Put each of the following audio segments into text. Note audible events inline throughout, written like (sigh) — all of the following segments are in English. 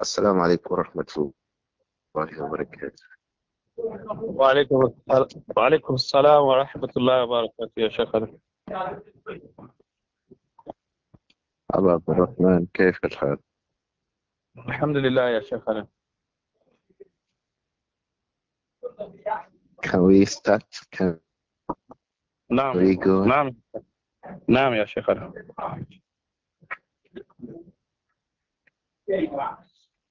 السلام عليكم ورحمة الله وبركاته وعليكم السلام وعليكم السلام ورحمة الله وبركاته يا شيخ أبا عبد الرحمن كيف الحال؟ الحمد لله يا أنا Can we start? Can نعم we go? نعم نعم يا أنا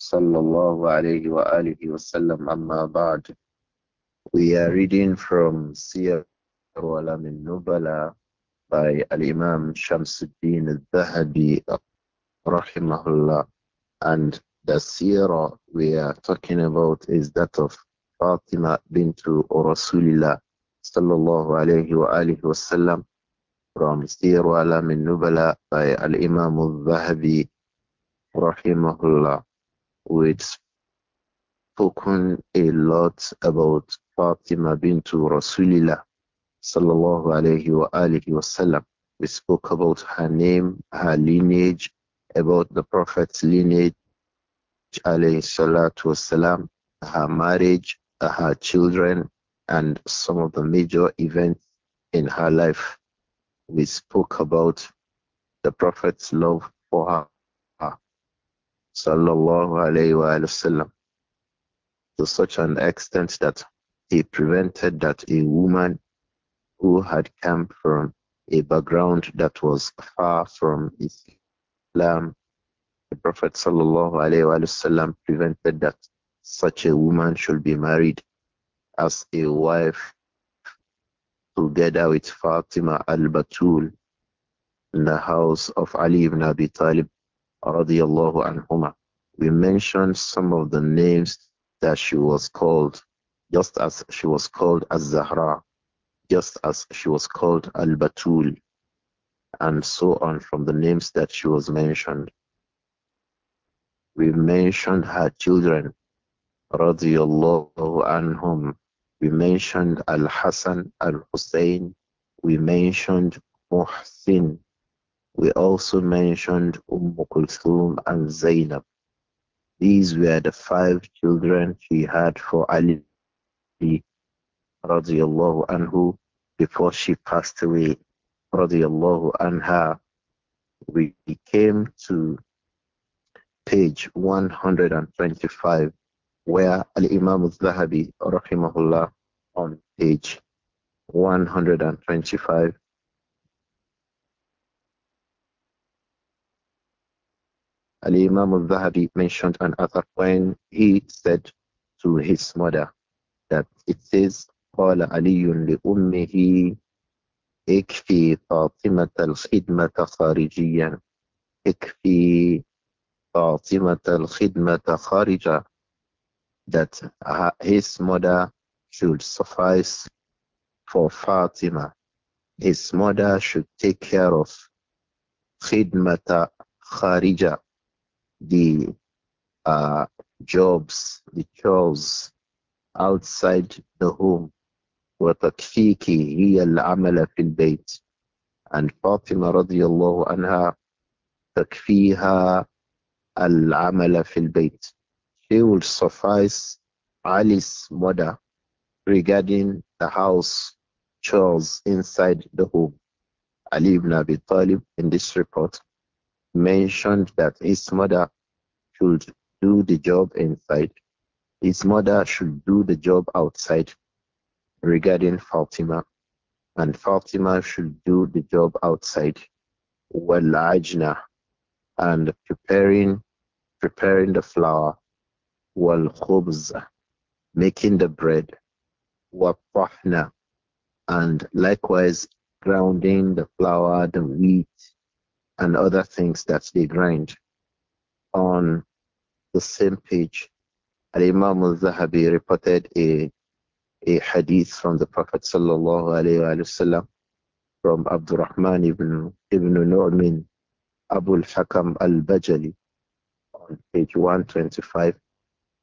صلى الله wa sallam. وسلم أما We are reading from Siyar al-Nubala by Al-Imam Shamsuddin al-Dhahabi rahimahullah and the Siyar we are talking about is that of Fatima bintu Rasulillah sallallahu alayhi wa alihi from Siyar al-Nubala by Al-Imam al-Dhahabi rahimahullah with spoken a lot about Fatima bintu Rasulillah sallallahu alayhi wa alihi wasallam. We spoke about her name, her lineage, about the Prophet's lineage, alayhi salatu wasalam, her marriage, her children, and some of the major events in her life. We spoke about the Prophet's love for her sallallahu alayhi wa sallam to such an extent that he prevented that a woman who had come from a background that was far from Islam, the Prophet sallallahu alayhi wa sallam prevented that such a woman should be married as a wife together with Fatima al-Batul in the house of Ali ibn Abi Talib radiallahu anhuma. We mentioned some of the names that she was called, just as she was called as Zahra, just as she was called Al Batul, and so on from the names that she was mentioned. We mentioned her children, radiallahu anhum. We mentioned Al Hassan, Al Hussein. We mentioned Muhsin, we also mentioned Umm Kulthum and Zainab. These were the five children she had for Ali radiallahu anhu before she passed away radiallahu anha. We came to page 125 where Al-Imam al-Zahabi rahimahullah on page 125 Ali Imam al Zahabi mentioned an other when he said to his mother that it says, قال علي لأمه اكفي فاطمة الخدمة خارجيا اكفي فاطمة الخدمة خارجا that his mother should suffice for Fatima. His mother should take care of khidmata kharija, the uh, jobs, the chores outside the home. وتكفيك هي العمل في البيت. And Fatima رضي الله عنها تكفيها العمل في البيت. She will suffice Ali's mother regarding the house chores inside the home. Ali ibn Abi Talib in this report mentioned that his mother should do the job inside, his mother should do the job outside regarding Fatima, and Fatima should do the job outside. Ajna and preparing preparing the flour, wal khubz, making the bread, wa and likewise grounding the flour, the wheat, and other things that they grind. On the same page, Al Imam al Zahabi reported a, a hadith from the Prophet وسلم, from Abdurrahman ibn, ibn Nu'min Abu al Hakam al Bajali on page 125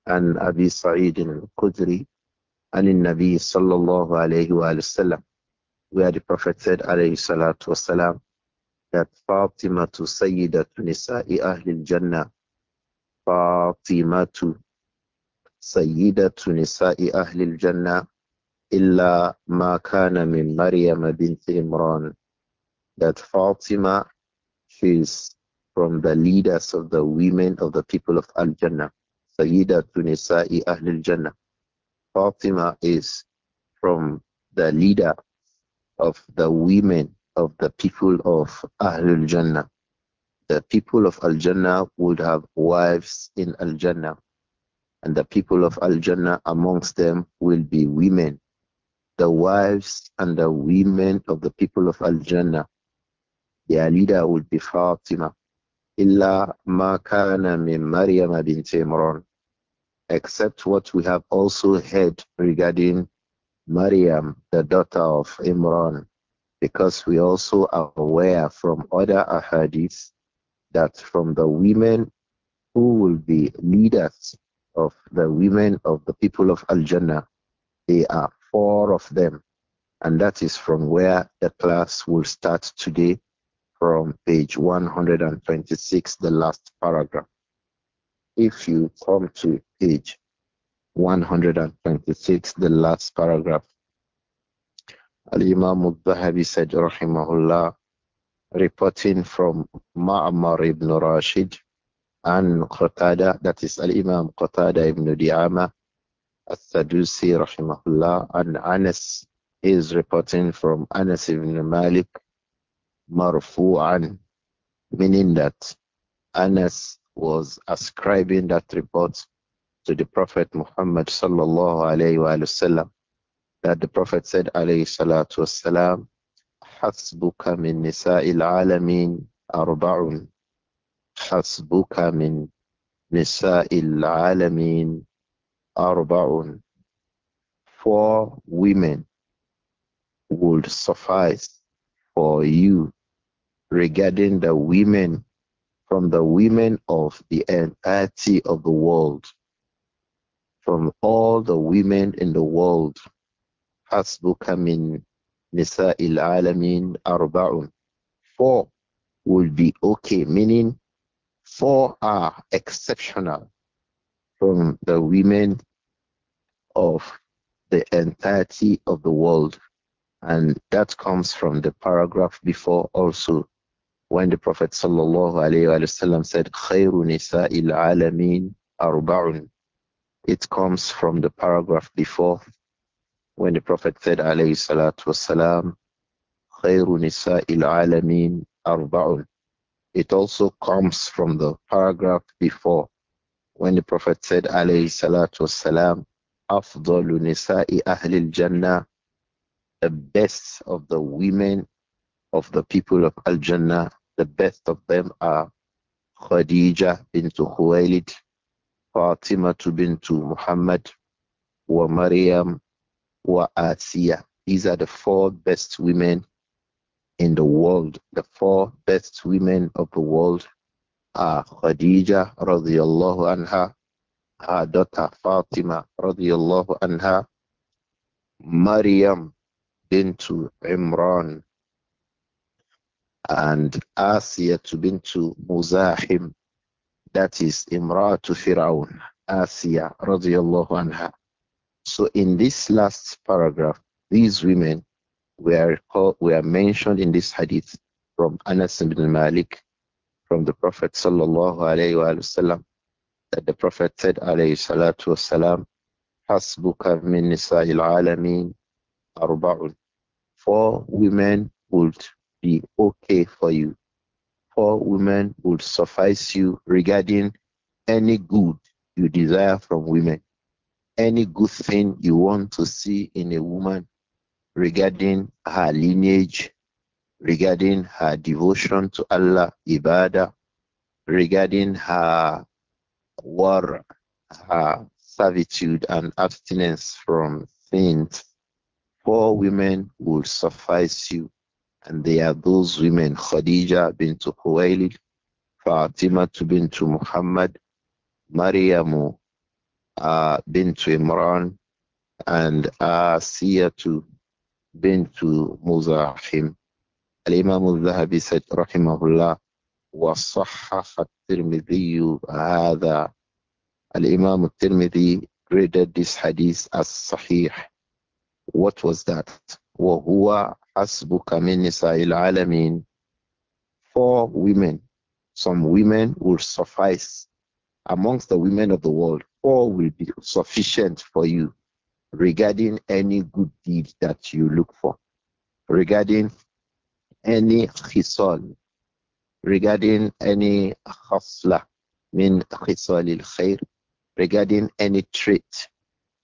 and Abi Sa'id al Qudri and in Nabi sallallahu alayhi wa sallam where the Prophet said alayhi salatu wasalam that Fatima to Sayyidat Nisa'i Ahlil Jannah. Fatima to Sayyidat Nisa'i Ahlil Jannah. Illa ma kana min Maryam bint Imran. That Fatima, she is from the leaders of the women of the people of Al Jannah. Sayyidat Nisa'i Ahlil Jannah. Fatima is from the leader of the women of the people of Ahlul Jannah. The people of Al Jannah would have wives in Al Jannah, and the people of Al Jannah amongst them will be women. The wives and the women of the people of Al Jannah, their leader would be Fatima. Illa ma kana min Maryam bint Imran. Except what we have also heard regarding Maryam, the daughter of Imran, because we also are aware from other ahadith that from the women who will be leaders of the women of the people of Al Jannah, they are four of them. And that is from where the class will start today from page 126, the last paragraph. If you come to page 126, the last paragraph, Al-Imam al-Bahabi said, rahimahullah, reporting from Ma'amar ibn Rashid and Qatada, that is Al-Imam Qatada ibn Diyama al-Sadusi rahimahullah, and Anas is reporting from Anas ibn Malik, marfu'an, meaning that Anas was ascribing that report to the Prophet Muhammad sallallahu alayhi wa sallam that the Prophet said, alayhi salatu wassalam, حَسْبُكَ مِن نِسَاءِ الْعَالَمِينَ أَرْبَعٌ حَسْبُكَ مِن نِسَاءِ الْعَالَمِينَ أَرْبَعٌ Four women would suffice for you regarding the women from the women of the entirety of the world, from all the women in the world, حسبك من نساء العالمين أربع four will be okay meaning four are exceptional from the women of the entirety of the world and that comes from the paragraph before also when the prophet sallallahu alaihi wasallam said khairu nisa'il alamin arba'un it comes from the paragraph before when the Prophet said, alayhi salatu wasalam, khayru nisa'il alameen arba'un. It also comes from the paragraph before when the Prophet said, alayhi salatu wasalam, afdalu nisa'i ahlil jannah, the best of the women of the people of Al-Jannah, the best of them are Khadija bint Khuwailid, Fatima bint Muhammad, wa Maryam wa These are the four best women in the world. The four best women of the world are Khadija radiallahu anha, her daughter Fatima radiallahu anha, Maryam bintu Imran, and Asiya bintu Muzahim, that is Imratu Firaun, Asiya radiallahu anha. So in this last paragraph, these women were called, were mentioned in this hadith from Anas ibn Malik, from the Prophet sallallahu alaihi wasallam, that the Prophet said alayhi salatu wasalam, "Hasbuka min nisa'il alamin arba'un." Four women would be okay for you. Four women would suffice you regarding any good you desire from women any good thing you want to see in a woman regarding her lineage, regarding her devotion to Allah, ibadah, regarding her war, her servitude and abstinence from sins, four women will suffice you. And they are those women, Khadija bint Khuwailid, Fatima bint Muhammad, Maryamu uh, bint Imran and Asiyatu uh, bint Muzahim. Al-Imam al-Dhahabi said, rahimahullah, وصحح الترمذي هذا الإمام Tirmidhi graded this hadith as sahih. What was that? وهو حسبك من نساء العالمين Four women, some women will suffice amongst the women of the world four will be sufficient for you regarding any good deed that you look for, regarding any khisal, regarding any khasla min khisalil khair, regarding any trait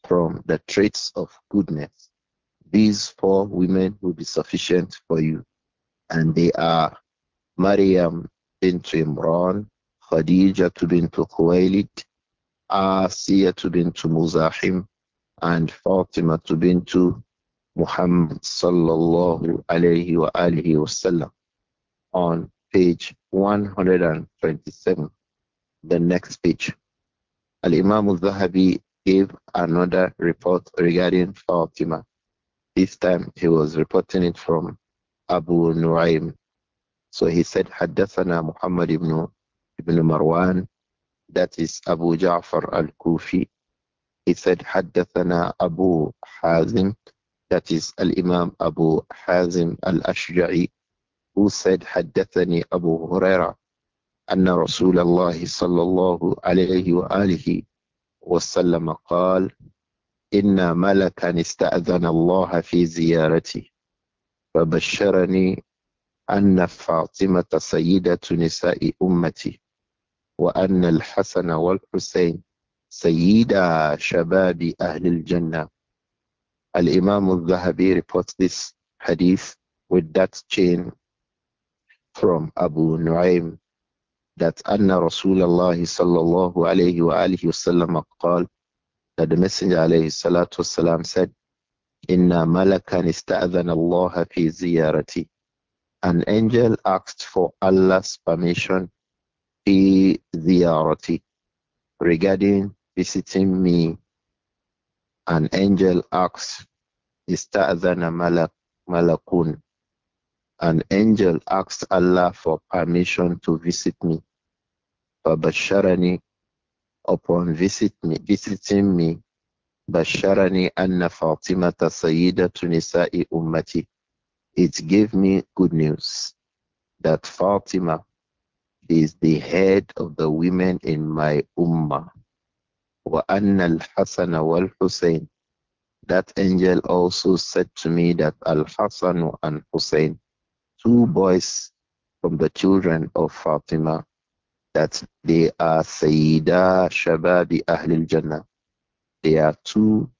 from the traits of goodness. These four women will be sufficient for you. And they are Maryam bint Imran, Khadija bint Khuwailid, Asiya bintu Muzahim and Fatima bintu Muhammad sallallahu alayhi wa alihi wasallam on page 127, the next page. Al-Imam al-Zahabi gave another report regarding Fatima. This time he was reporting it from Abu Nuaym. So he said, حدثنا محمد ibn, ibn Marwan that is Abu Ja'far al-Kufi. He said, Haddathana Abu Hazim, that is Al-Imam Abu Hazim al-Ashja'i, who said, Haddathani Abu Huraira, anna Rasulullah sallallahu alayhi wa alihi wasallam qal, إن ملكا استأذن الله في زيارتي فبشرني أن فاطمة سيدة نساء أمتي وأن الحسن والحسين سيد شباب أهل الجنة الإمام الذهبي reports this hadith with that chain from Abu Nu'aym that أن رسول الله صلى الله عليه وآله وسلم قال that the messenger عليه الصلاة والسلام said إن ملكا استأذن الله في زيارتي an angel asked for Allah's permission fi regarding visiting me an angel asks ista'dhana malak malakun an angel asked Allah for permission to visit me Babasharani upon visit me, visiting me basharani anna fatimata sayyidatu nisa'i ummati it gave me good news that Fatima is the head of the women in my ummah. Wa wa al Hussein. That angel also said to me that Al-Hasan and Hussein, two boys from the children of Fatima, that they are Sayyida Shababi Ahlul Jannah. They are two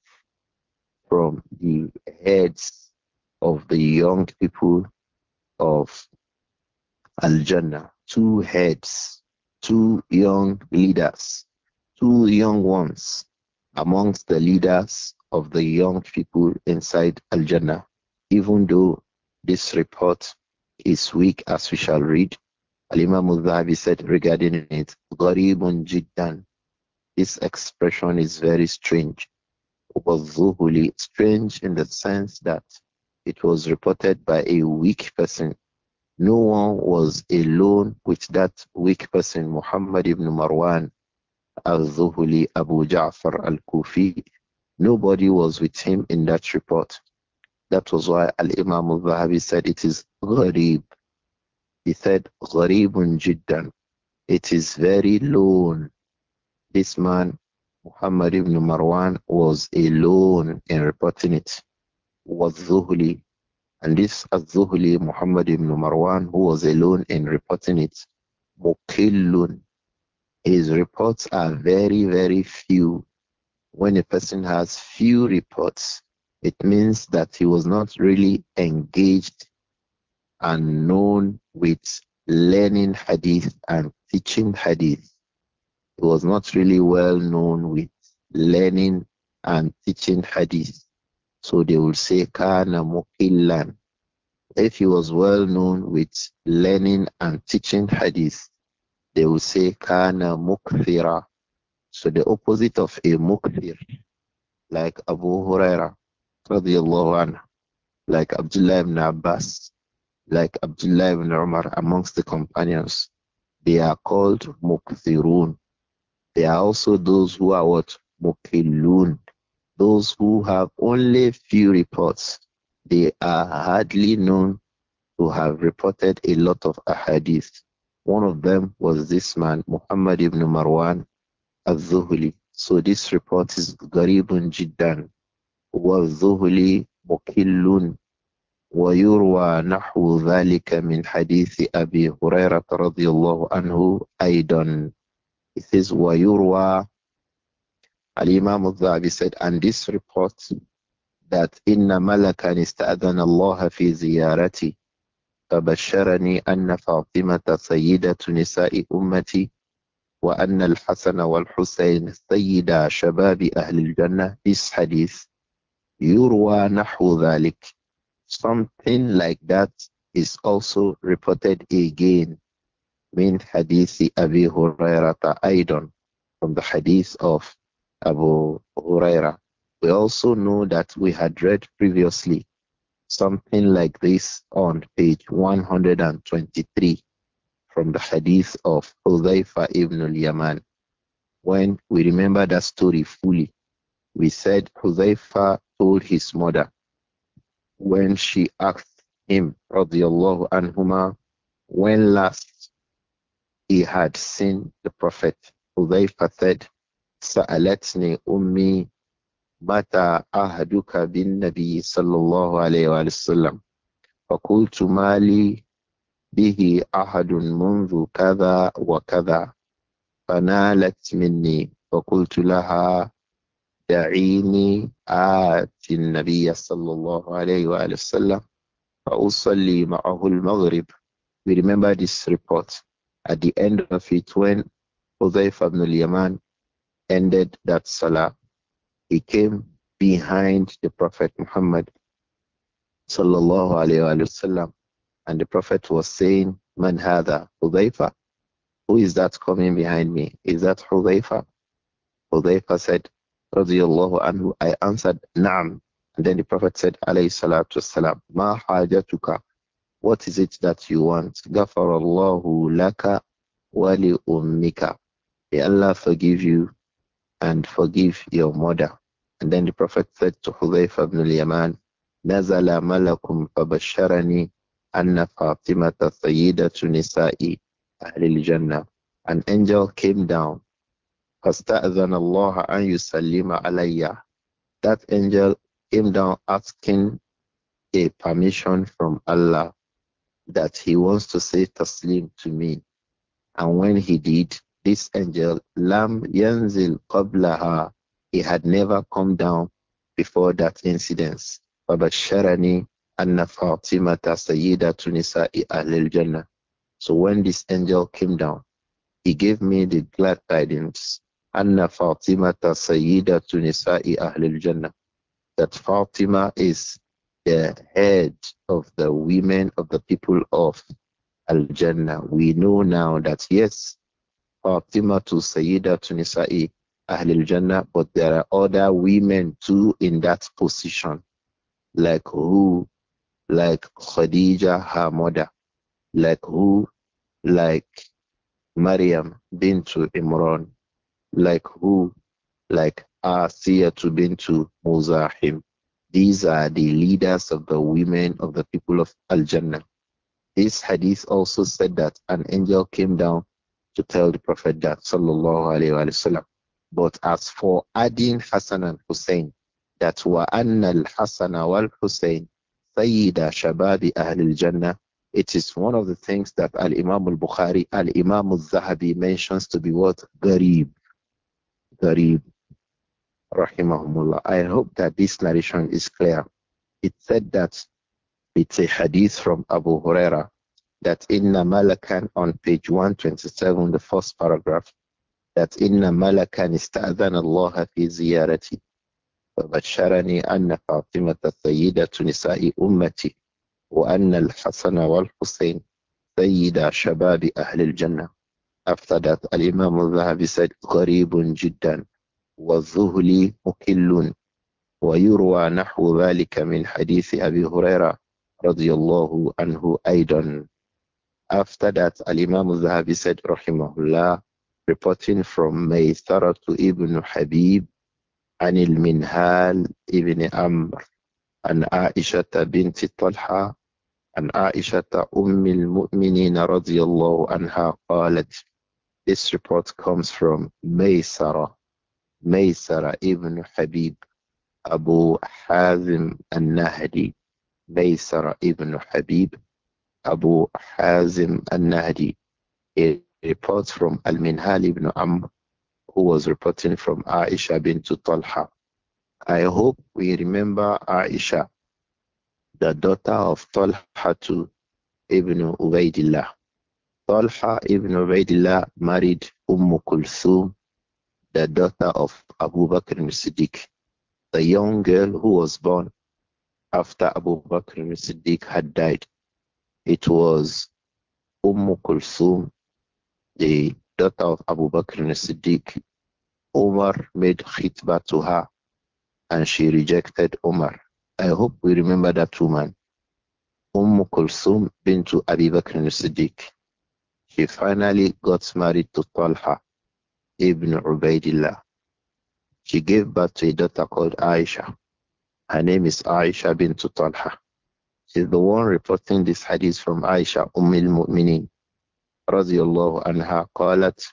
from the heads of the young people of Al Jannah two heads, two young leaders, two young ones amongst the leaders of the young people inside Al Jannah. Even though this report is weak, as we shall read, Al Imam said regarding it, Gharibun Jiddan. This expression is very strange. Strange in the sense that it was reported by a weak person no one was alone with that weak person, Muhammad ibn Marwan al-Zuhuli Abu Ja'far al-Kufi. Nobody was with him in that report. That was why Al-Imam al-Bahabi said it is gharib. He said, gharibun jiddan. It is very lone. This man, Muhammad ibn Marwan, was alone in reporting it. Was Zuhuli and this az Muhammad ibn Marwan, who was alone in reporting it, Mukillun. His reports are very, very few. When a person has few reports, it means that he was not really engaged and known with learning hadith and teaching hadith. He was not really well known with learning and teaching hadith. So they will say Kana Mukillan. If he was well known with learning and teaching hadith, they will say Kana Mukthira. So the opposite of a Mukthir, like Abu Huraira, anhu, like Abdullah ibn Abbas, like Abdullah ibn Umar amongst the companions, they are called Mukthirun. They are also those who are what? Mukillun. Those who have only few reports, they are hardly known to have reported a lot of ahadith. One of them was this man, Muhammad ibn Marwan al-Zuhli. So this report is Garibun Jiddan. والذهلي مكل ويروى نحو ذلك من حديث أبي هريرة رضي الله عنه أيضا. It says ويروى Al Imam al-Dhahabi said, and this report that Inna Malakan ista'adana Allah fi ziyarati, fabasharani anna Fatima sayyidatu nisa'i ummati, wa anna al-Hasan wal-Husayn sayyida shababi ahli al-Jannah. This hadith, yurwa nahu dhalik. Something like that is also reported again. Min hadithi Abi Hurairah from the hadith of Abu Huraira. We also know that we had read previously something like this on page 123 from the hadith of Hudhaifa ibn al-Yaman. When we remember that story fully, we said Hudhaifa told his mother when she asked him, radiallahu anhuma, when last he had seen the Prophet. Hudhaifa said, سألتني أمي متى عهدك بالنبي صلى الله عليه وآله وسلم فقلت ما لي به أحد منذ كذا وكذا فنالت مني فقلت لها دعيني آتي النبي صلى الله عليه وآله وسلم فأصلي معه المغرب We remember this report at the end of it when Hudhayf ibn al-Yaman ended that salah, he came behind the Prophet Muhammad sallallahu alayhi wa sallam, and the Prophet was saying, "Man Hudayfa? Who is that coming behind me? Is that Hudayfa?" Hudayfa said, radiyallahu anhu, I answered, "Naam." And then the Prophet said, alayhi salatu wasalam, "Ma hajatuka? What is it that you want? Ghafarallahu laka wa li ummika." May Allah forgive you and forgive your mother. And then the Prophet said to Hudayfa ibn al-Yaman, نزل ملك فبشرني أن فاطمة سيدة نساء أهل الجنة. An angel came down. فاستأذن الله أن يسلم علي. That angel came down asking a permission from Allah that he wants to say taslim to me. And when he did, this angel, Lam Yanzil Qablaha, he had never come down before that incident. Sharani Anna Fatimata Sayyida Tunisa Ahlil Jannah. So when this angel came down, he gave me the glad tidings. Anna Fatimata Sayyida Tunisa Ahlil Jannah. That Fatima is the head of the women of the people of Al Jannah. We know now that yes, Fatimatu to Nisa'i Ahlul Jannah, but there are other women too in that position, like who, like Khadija, her mother, like who, like Maryam bintu Imran, like who, like Asiyatu bintu Muzahim. These are the leaders of the women of the people of Al Jannah. This hadith also said that an angel came down to tell the Prophet that, sallallahu alayhi wa sallam. But as for adding Hassan and Hussein, that wa anna al-Hassan wal Hussein sayyida shababi ahlil jannah, it is one of the things that al-Imam al-Bukhari, al-Imam al-Zahabi mentions to be what? Garib. Garib. Rahimahumullah. I hope that this narration is clear. It said that it's a hadith from Abu Huraira that Inna Malakan on page 127, the first paragraph, that Inna Malakan istadhan Allah fi ziyarati. فبشرني أن فاطمة سيدة نساء أمتي وأن الحسن والحسين سيدا شباب أهل الجنة After that, Al-Imam said, غريب جدا والذهلي مكل ويروى نحو ذلك من حديث أبي هريرة رضي الله عنه أيضا After that, Al-Imam al-Zahabi said, Rahimahullah, reporting from Maythara to Ibn Habib, Anil Minhal Ibn Amr, An Aisha bint Talha, An Aisha Umm al-Mu'minin radiyallahu anha qalat. This report comes from Maysara, Maysara ibn Habib, Abu Hazim al-Nahdi, Maysara ibn Habib, Abu Hazim al-Nahdi. It reports from Al-Minhal ibn Amr, who was reporting from Aisha bint Talha. I hope we remember Aisha, the daughter of Talha to ibn Ubaidillah. Talha ibn Ubaidillah married Umm Kulthum, the daughter of Abu Bakr al-Siddiq, the young girl who was born after Abu Bakr al-Siddiq had died. It was Umm Kulsum, the daughter of Abu Bakr al-Siddiq. Omar made khitbah to her and she rejected Omar. I hope we remember that woman. Umm Kulsum bint Abu Bakr al-Siddiq. She finally got married to Talha ibn Ubaidillah. She gave birth to a daughter called Aisha. Her name is Aisha bint Talha is the one reporting this hadith from Aisha Umm al Mu'minin رَضِيَ اللَّهُ عَنْهَا قالت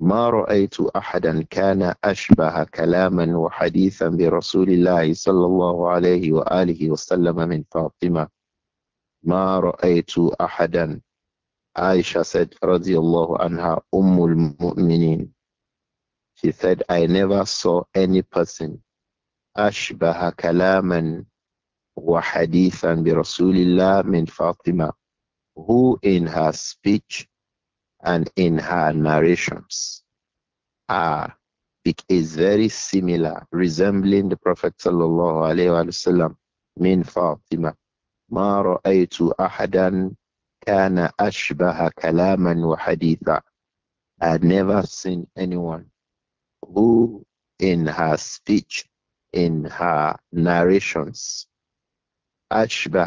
ما رأيت أحدا كان أشبه كلاما وحديثا برسول الله صلى الله عليه وآله وسلم من فاطمة ما رأيت أحدا Aisha said رضي الله عنها أم المؤمنين She said I never saw any person أشبه كلاما وحديثا برسول الله من فاطمة who in her speech and in her narrations are is very similar, resembling the Prophet sallallahu alaihi wasallam. Min Fatima, ما رأيت أحدا كان أشبه كلاما وحديثا. I never seen anyone who, in her speech, in her narrations, as bi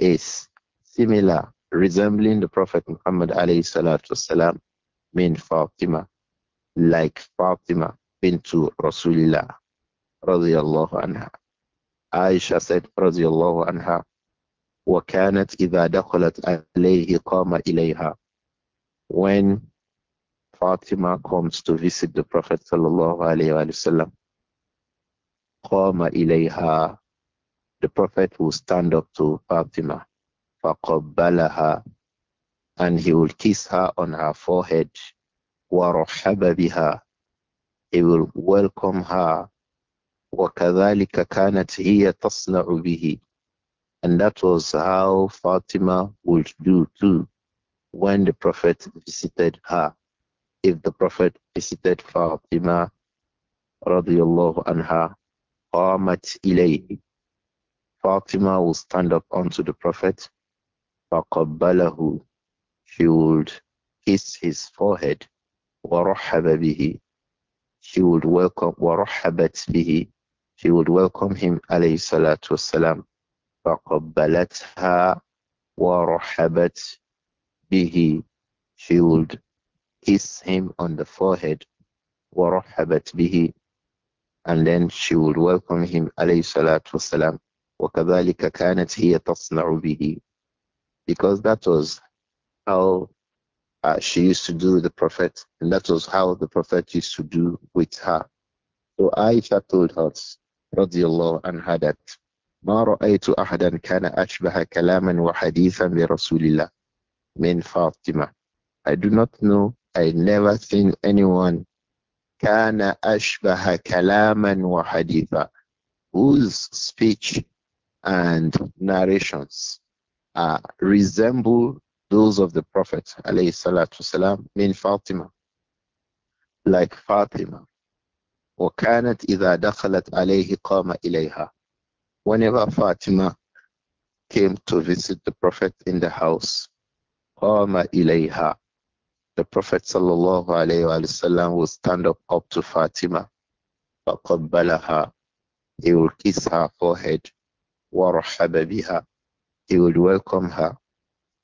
is similar, resembling the Prophet Muhammad alayhi salatu wasalam, Fatima, like Fatima bintu Rasulillah radiyallahu anha. Aisha said radiyallahu anha, وكانت إذا دخلت عليه قام إليها. When Fatima comes to visit the Prophet sallallahu alayhi wa sallam, قام إليها the Prophet will stand up to Fatima, فَقَبَّلَهَا And he will kiss her on her forehead, وَرَحَبَ بِهَا He will welcome her, وَكَذَلِكَ كَانَتْ هِيَ تَصْنَعُ بِهِ And that was how Fatima would do too when the Prophet visited her. If the Prophet visited Fatima, رضي الله عنها, قامت إليه Fatima will stand up unto the Prophet. فَقَبَّلَهُ She would kiss his forehead. وَرَحَّبَ بِهِ She would welcome, وَرَحَّبَتْ bihi. She would welcome him, alayhi salatu wasalam. فَقَبَّلَتْهَا وَرَحَّبَتْ bihi. She would kiss him on the forehead. وَرَحَّبَتْ bihi. and then she would welcome him alayhi salatu wasalam وَكَذَلِكَ كَانَتْ هِيَ تَصْنَعُ بِهِ Because that was how uh, she used to do with the Prophet, and that was how the Prophet used to do with her. So Aisha told us, radiallahu anha, that ما رأيت أحدا كان أشبه كلاما وحديثا برسول الله من فاطمة. I do not know, I never seen anyone كان أشبه كلاما وحديثا whose speech and narrations uh, resemble those of the Prophet والسلام, من Fatima, like Fatima وكانت إذا دخلت عليه قام إليها whenever Fatima came to visit the Prophet in the house قام إليها the Prophet sallallahu alayhi wa sallam would stand up up to Fatima فقبلها he would kiss her forehead ورحب بها he would welcome her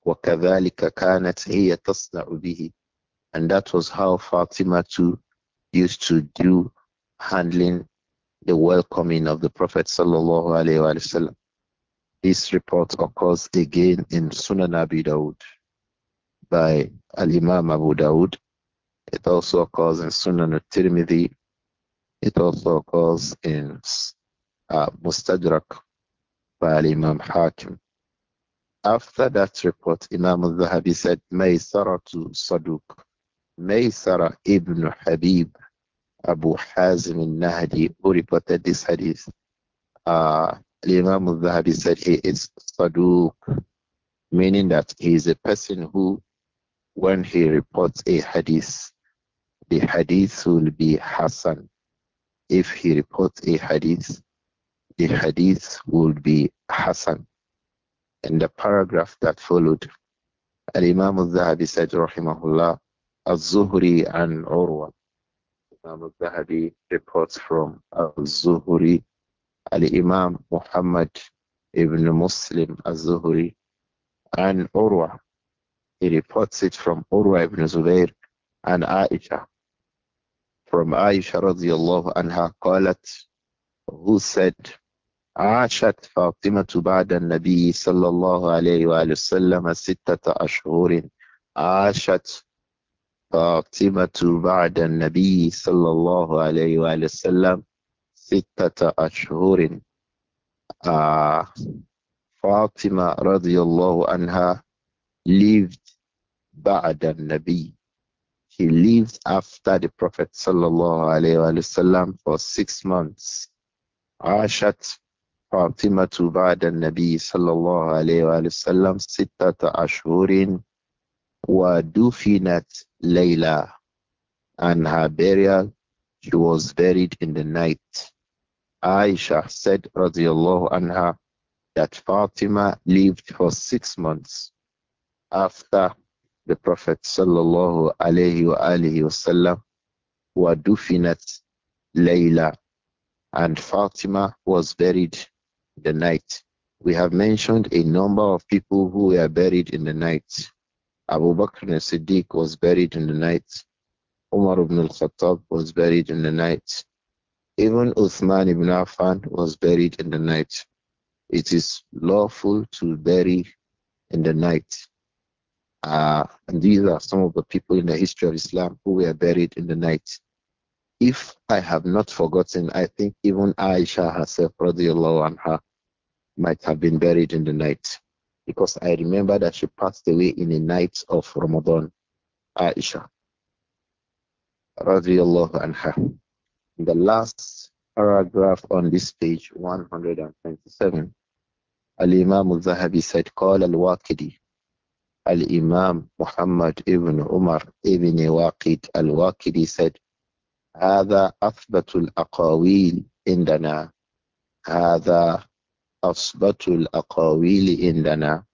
وكذلك كانت هي تصنع به and that was how Fatima too used to do handling the welcoming of the Prophet sallallahu alaihi wasallam this report occurs again in Sunan Abi Dawud by Al Imam Abu Dawud it also occurs in Sunan tirmidhi It also occurs in uh, Mustadrak by Imam Hakim. After that report, Imam al-Zahabi said, Maysara to Saduq, Maysara ibn Habib, Abu Hazim al-Nahdi, who reported this hadith. Uh, Imam al-Zahabi said he is Saduq, meaning that he is a person who, when he reports a hadith, the hadith will be Hassan. If he reports a hadith, the hadith would be Hassan. In the paragraph that followed, Al Imam al Zahabi said, Rahimahullah, Al Zuhri and Urwa. Imam al Zahabi reports from Al Zuhri, Al Imam Muhammad ibn Muslim Al Zuhri, and Urwa. He reports it from Urwa ibn Zubair and Aisha. From Aisha radiallahu anha, قالت, who said, عاشت فاطمة بعد النبي صلى الله عليه وآله وسلم ستة أشهر عاشت فاطمة بعد النبي صلى الله عليه وآله وسلم ستة أشهر uh, Fatima radiallahu anha lived Ba'da Nabi. He lived after the Prophet sallallahu alayhi wa for six months. Ashat فاطمة بعد النبي صلى الله عليه وآله وسلم ستة أشهر ودفنت ليلى and her burial she was buried in the night Aisha said radiallahu anha that Fatima lived for six months after the Prophet sallallahu alayhi wasallam wa dufinat Layla and Fatima was buried the night. We have mentioned a number of people who were buried in the night. Abu Bakr as Siddiq was buried in the night. Umar ibn al-Khattab was buried in the night. Even Uthman ibn Affan was buried in the night. It is lawful to bury in the night. Uh, and these are some of the people in the history of Islam who were buried in the night if I have not forgotten, I think even Aisha herself, radiallahu anha, might have been buried in the night. Because I remember that she passed away in the night of Ramadan, Aisha, radiallahu anha. In the last paragraph on this page, 127, Al-Imam al-Zahabi said, قال الواكدي Al-Imam Muhammad ibn Umar ibn Waqid al-Waqidi said, هذا أثبت الأقاويل عندنا هذا أثبت الأقاويل عندنا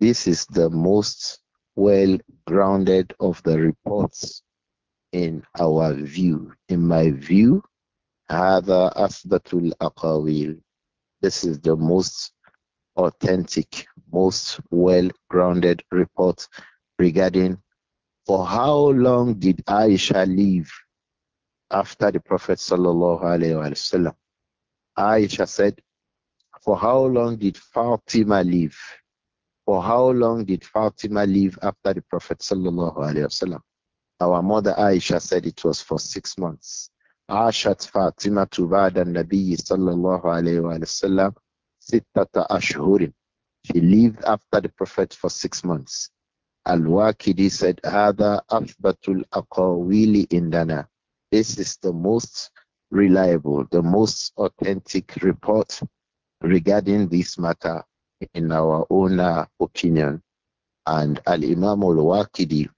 This is the most well grounded of the reports in our view. In my view, هذا أثبت الأقاويل This is the most authentic, most well grounded report regarding for how long did Aisha live after the Prophet wasallam. Aisha said, "For how long did Fatima live? For how long did Fatima live after the Prophet wasallam?" Our mother Aisha said it was for six months. عاشت فاطمة بعد النبي صلى الله عليه وسلم ستة أشهر. She lived after the Prophet for six months. Al-Waqidi said, هذا أثبت الأقاويل عندنا. This is the most reliable, the most authentic report regarding this matter in our own uh, opinion. And Al Imam al Waqidi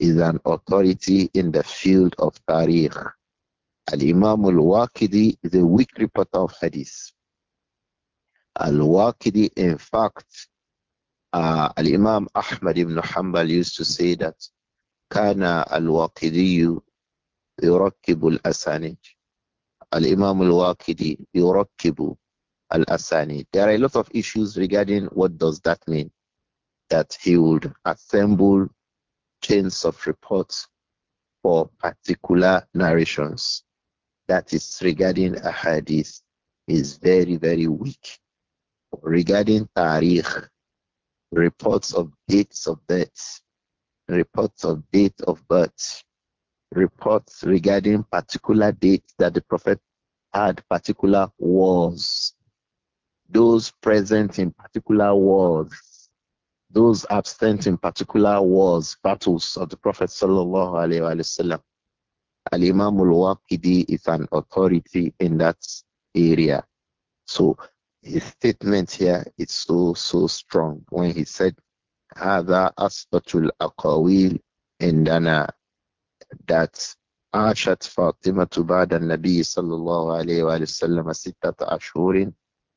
is an authority in the field of tariq. Al Imam al Waqidi is a weak reporter of hadith. Al Waqidi, in fact, uh, Al Imam Ahmad ibn Hanbal used to say that Kana al Waqidi يركب الأسانيد الإمام يركب الأسانيد There are a lot of issues regarding what does that mean that he would assemble chains of reports for particular narrations that is regarding a hadith is very, very weak. Regarding tariq, reports of dates of deaths, reports of date of birth, reports regarding particular dates that the Prophet had particular wars. Those present in particular wars, those absent in particular wars, battles of the Prophet sallallahu alaihi wasallam. Al Imam al Waqidi is an authority in that area. So his statement here is so so strong when he said, "Hada asbatul aqawil indana that to فاطمة بعد النبي sallallahu alayhi wasallam وآله وسلم ستة أشهر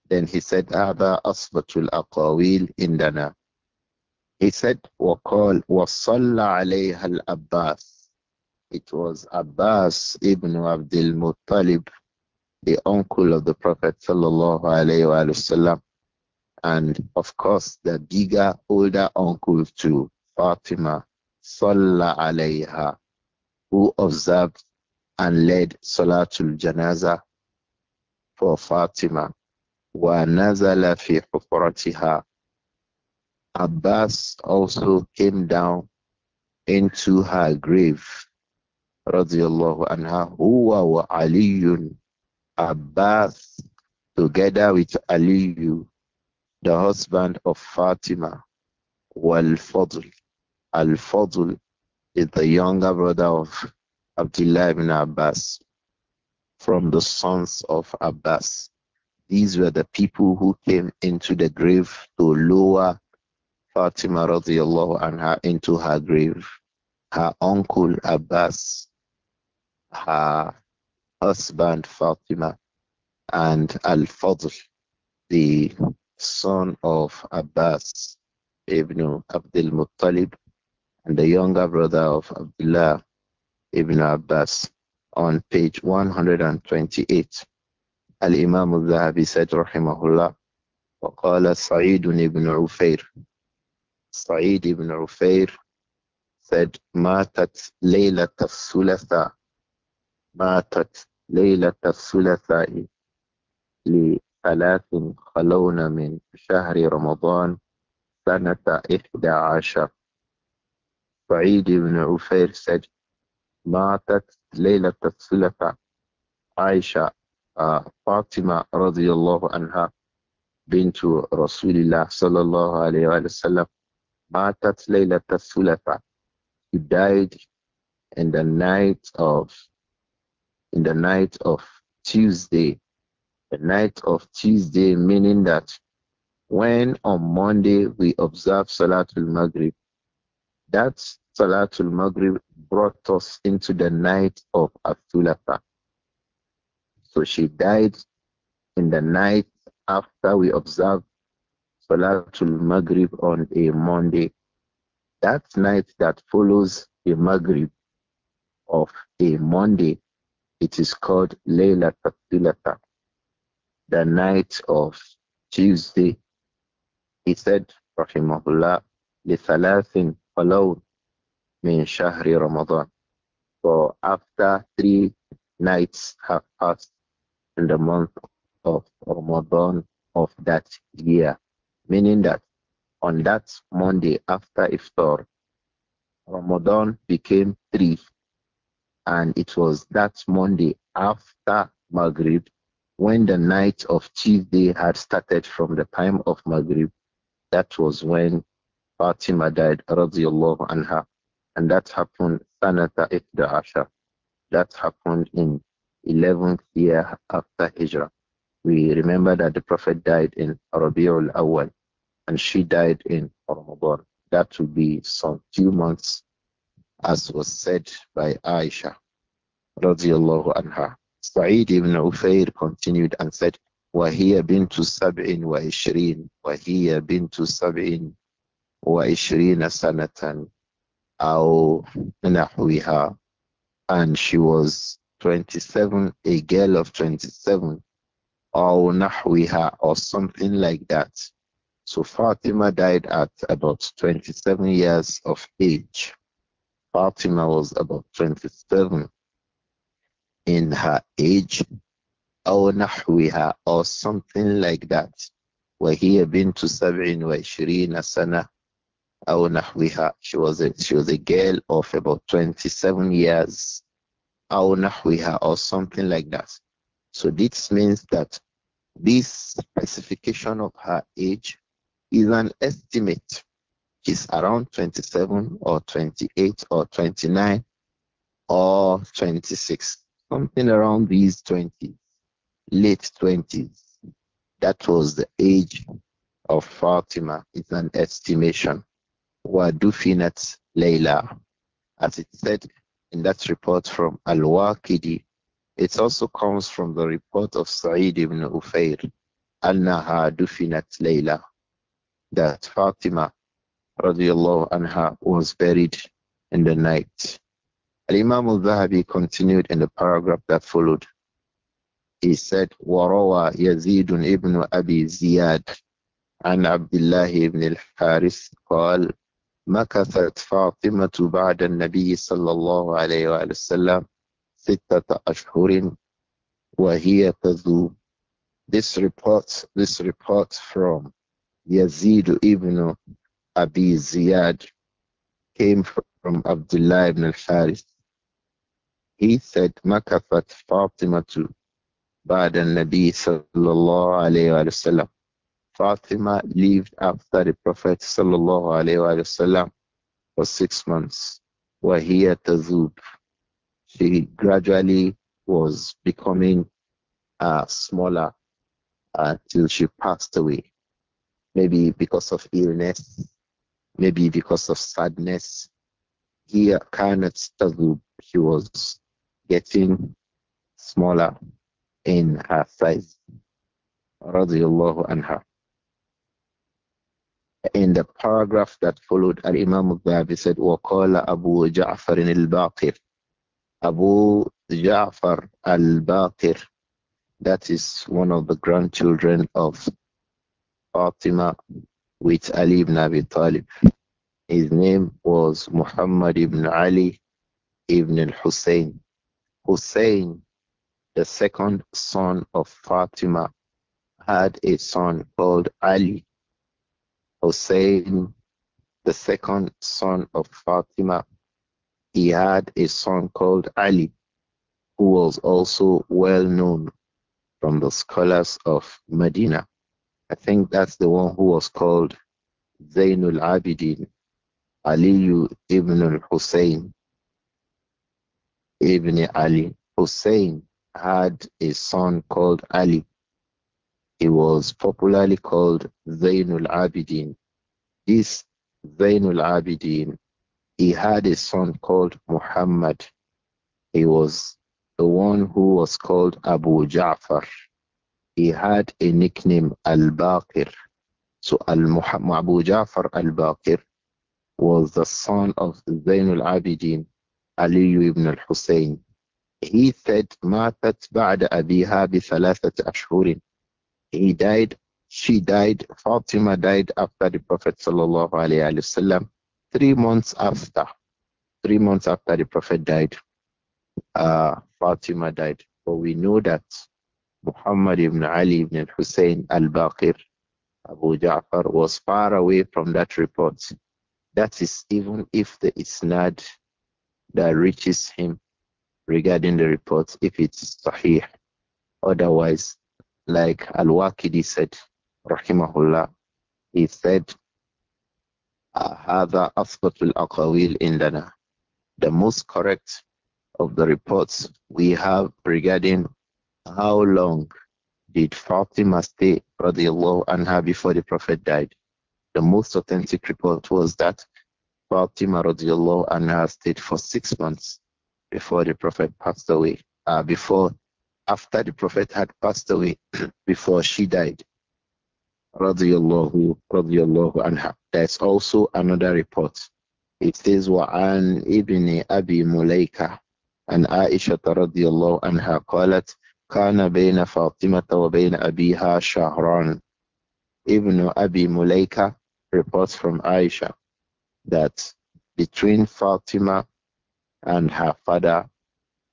then he said هذا أصبة الأقاويل indana. he said وقال وصلى عليها Abbas. it was Abbas ibn Abdul Muttalib the uncle of the Prophet sallallahu alayhi wasallam, and of course the bigger, older uncle to Fatima, sallallahu alayha who observed and led Salatul Janaza for Fatima. وَنَزَلَ فِي her. Abbas also came down into her grave. رضي الله عنها هو Abbas together with Ali, the husband of Fatima, Al Fadl. Al Fadl is the younger brother of Abdullah ibn Abbas from the sons of Abbas. These were the people who came into the grave to lower Fatima radiallahu anha into her grave. Her uncle Abbas, her husband Fatima, and Al-Fadl, the son of Abbas ibn Abdul Muttalib, and the younger brother of Abdullah ibn Abbas on page 128. Al-Imam al-Zahabi said, rahimahullah, وقال سعيد بن عفير سعيد بن عفير said ماتت ليلة الثلاثاء ماتت ليلة الثلاثاء لثلاث خلون من شهر رمضان سنة إحدى عشر Sa'id ibn Ufair said, Matat Laylat Sulata Aisha uh, Fatima radiallahu anha bintu Rasulillah sallallahu alayhi wa sallam Matat Laylat Sulata. He died in the night of in the night of Tuesday. The night of Tuesday meaning that when on Monday we observe Salatul Maghrib, that Salatul Maghrib brought us into the night of Abdullah. So she died in the night after we observed Salatul Maghrib on a Monday. That night that follows a Maghrib of a Monday, it is called Layla Tatulata, the night of Tuesday. He said, Rahimahullah, لثلاث فلو min shahri Ramadan. For after three nights have passed in the month of Ramadan of that year, meaning that on that Monday after Iftar, Ramadan became three, and it was that Monday after Maghrib when the night of Tuesday had started from the time of Maghrib. That was when Fatima died, radiallahu anha. And that happened Sanata Ifda Asha. That happened in 11th year after Hijrah. We remember that the Prophet died in Rabi'ul Awal and she died in Ramadan. That will be some few months, as was said by Aisha radiallahu anha. Sa'id ibn Ufair continued and said, وَهِيَ بِنْتُ سَبْعٍ وَعِشْرِينَ bintu Sab'in wa وَعِشْرِينَ sanatan. أو نحوها and she was 27 a girl of 27 أو نحوها or something like that so Fatima died at about 27 years of age Fatima was about 27 in her age أو نحوها or something like that وهي بنت سبع وعشرين سنة she was a she was a girl of about 27 years or something like that. So this means that this specification of her age is an estimate. She's around 27 or 28 or 29 or 26, something around these 20s, late 20s. That was the age of Fatima. It's an estimation. وَدُفِنَتْ لَيْلَى As it said in that report from Al-Waqidi, it also comes from the report of Sa'id ibn Ufair, أَنَّهَا دُفِنَتْ لَيْلَى That Fatima radiallahu anha was buried in the night. Al-Imam al-Zahabi continued in the paragraph that followed. He said, وَرَوَى يَزِيدٌ ibn Abi Ziyad An Abdullah ibn al الحارث مكثت فاطمة بعد النبي صلى الله عليه وآله وسلم ستة أشهر وهي تذوب this report this report from Yazid ibn Abi Ziyad came from Abdullah ibn al-Harith he said مكثت فاطمة بعد النبي صلى الله عليه وآله وسلم Fatima lived after the Prophet wasallam for six months. Wahiya Tazub. She gradually was becoming uh, smaller until uh, she passed away. Maybe because of illness, maybe because of sadness. Here, Kanat Tazub, she was getting smaller in her size. الله عنها in the paragraph that followed, Al Imam al Dhabi said, Waqala Abu Ja'far al Baqir. Abu Ja'far al Baqir. That is one of the grandchildren of Fatima with Ali ibn Abi Talib. His name was Muhammad ibn Ali ibn al Hussein. Hussein, the second son of Fatima, had a son called Ali Hussein, the second son of Fatima, he had a son called Ali, who was also well known from the scholars of Medina. I think that's the one who was called Zainul Abidin, Ali ibn al Hussein, ibn Ali. Hussein had a son called Ali. He was popularly called Zainul Abidin. This Zainul Abidin, he had a son called Muhammad. He was the one who was called Abu Ja'far. He had a nickname Al-Baqir. So Al-Muhammad Abu Ja'far Al-Baqir was the son of Zainul Abidin Ali ibn al-Hussein. He said, ماتت بعد أبيها بثلاثة أشهر he died, she died, Fatima died after the Prophet sallallahu Three months after, three months after the Prophet died, uh, Fatima died. But we know that Muhammad ibn Ali ibn Hussein al Baqir, Abu Ja'far, was far away from that report. That is even if the isnad that reaches him regarding the report, if it's sahih. Otherwise, like Al-Waqidi said, rahimahullah, he said, هذا أثبت الأقاويل عندنا. The most correct of the reports we have regarding how long did Fatima stay radiallahu anha before the Prophet died. The most authentic report was that Fatima radiallahu anha stayed for six months before the Prophet passed away, uh, before after the Prophet had passed away (clears throat) before she died. Radiallahu, There's also another report. It says, وعن ابن أبي مليكة عن عائشة رضي الله عنها قالت كان بين فاطمة وبين أبيها شهران Ibn Abi Mulaika reports from Aisha that between Fatima and her father,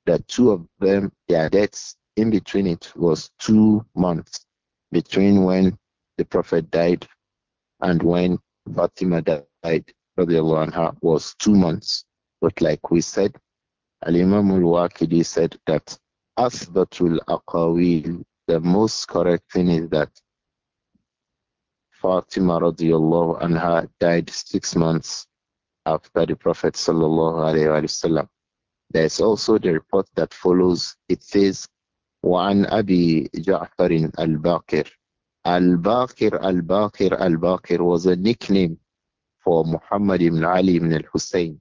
the two of them, their deaths in between it was two months between when the Prophet died and when Fatima died, anha, was two months. But like we said, Al Imam al Waqidi said that Asbatul Aqawil, the most correct thing is that Fatima radiallahu anha died six months after the Prophet sallallahu Alaihi Wasallam. There is also the report that follows. It says وعن أبي جعفر الباقر Al-Baqir, al al was a nickname for Muhammad ibn Ali ibn al-Hussein.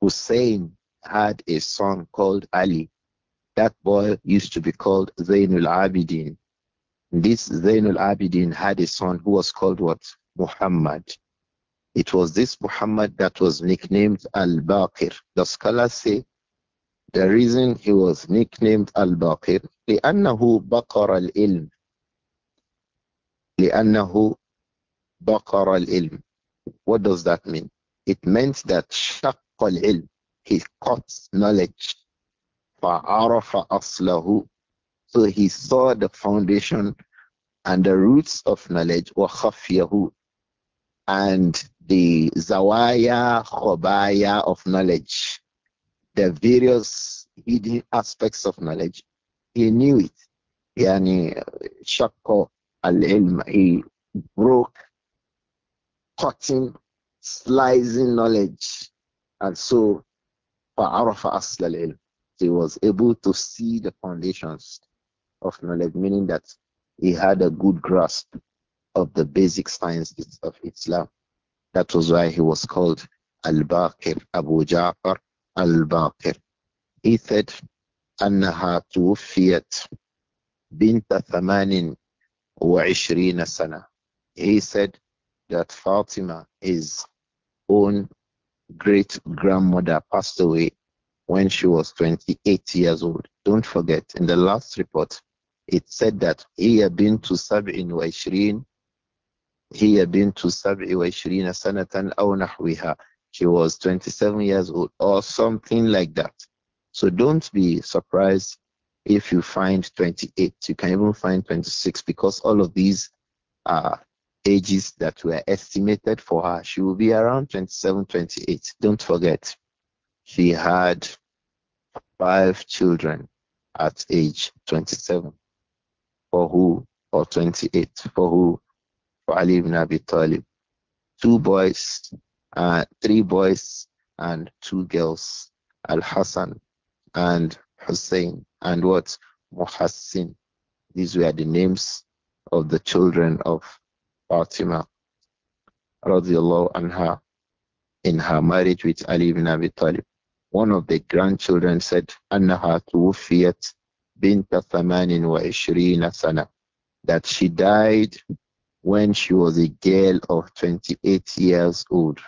Hussein had a son called Ali. That boy used to be called Zainul Abidin. This Zainul Abidin had a son who was called what? Muhammad. It was this Muhammad that was nicknamed Al-Baqir. The scholars say the reason he was nicknamed Al-Baqir, لأنه بقر العلم. لأنه بقر العلم. What does that mean? It meant that شق العلم. He cut knowledge. فعرف أصله. So he saw the foundation and the roots of knowledge were and the zawaya khobaya of knowledge the various hidden aspects of knowledge. He knew it. Yani Shakko al he broke, cutting, slicing knowledge. And so فَعَرَفَ أَصْلَ الْعِلْمِ He was able to see the foundations of knowledge, meaning that he had a good grasp of the basic sciences of Islam. That was why he was called Al-Baqir Abu Ja'far al-Baqir. He said, أنها توفيت بنت ثمان وعشرين سنة. He said that Fatima, his own great grandmother, passed away when she was 28 years old. Don't forget, in the last report, it said that هي بنت سبع وعشرين هي بنت سبع وعشرين سنة أو نحوها she was 27 years old or something like that. So don't be surprised if you find 28. You can even find 26 because all of these are ages that were estimated for her. She will be around 27, 28. Don't forget, she had five children at age 27. For who? Or 28. For who? For Ali ibn Abi Talib. Two boys uh, three boys and two girls, Al Hassan and Hussein and what? Muhassin. These were the names of the children of Fatima radiallahu anha in her marriage with Ali ibn Abi Talib. One of the grandchildren said, أنها توفيت wa Ishri وعشرين sana," that she died when she was a girl of 28 years old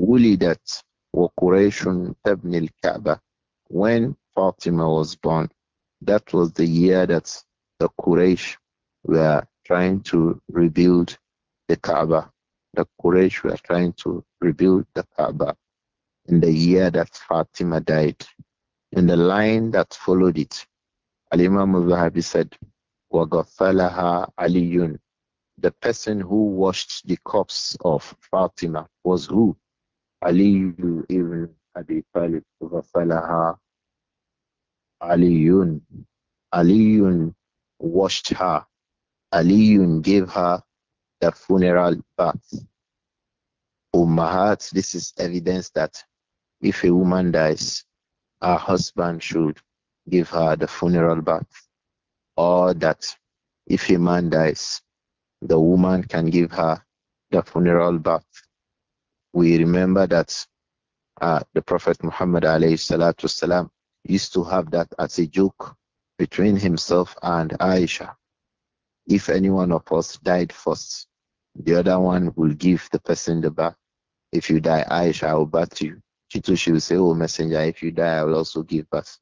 wulidat wa Qurayshun tabnil Kaaba. When Fatima was born, that was the year that the Quraysh were trying to rebuild the Kaaba. The Quraysh were trying to rebuild the Kaaba in the year that Fatima died. In the line that followed it, Al Imam al Zahabi said, Wagathalaha Aliyun. The person who washed the corpse of Fatima was who? Ali ibn Abi Talib ghasalaha Aliyun. Aliyun washed her. Aliyun gave her the funeral bath. Ummahat, this is evidence that if a woman dies, her husband should give her the funeral bath. Or that if a man dies, the woman can give her the funeral bath we remember that uh, the Prophet Muhammad والسلام, used to have that as a joke between himself and Aisha. If any one of us died first, the other one will give the person the bath. If you die, Aisha, I will bath you. She too, she will say, Oh, messenger, if you die, I will also give bath.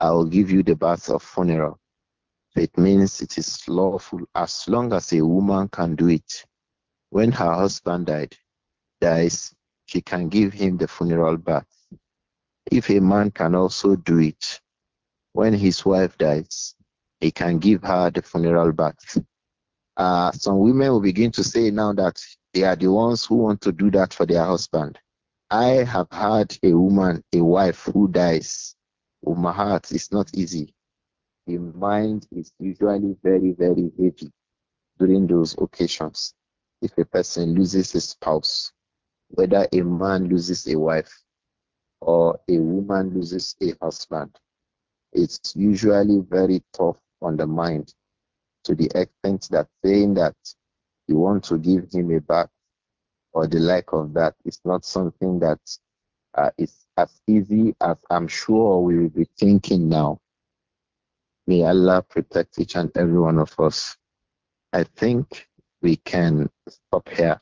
I will give you the bath of funeral. So it means it is lawful as long as a woman can do it. When her husband died, dies, she can give him the funeral bath. If a man can also do it, when his wife dies, he can give her the funeral bath. Uh, some women will begin to say now that they are the ones who want to do that for their husband. I have had a woman, a wife who dies. Oh, my heart, is not easy. The mind is usually very, very heavy during those occasions. If a person loses his spouse, whether a man loses a wife or a woman loses a husband, it's usually very tough on the mind to the extent that saying that you want to give him a back or the like of that is not something that uh, is as easy as I'm sure we will be thinking now. May Allah protect each and every one of us. I think we can stop here.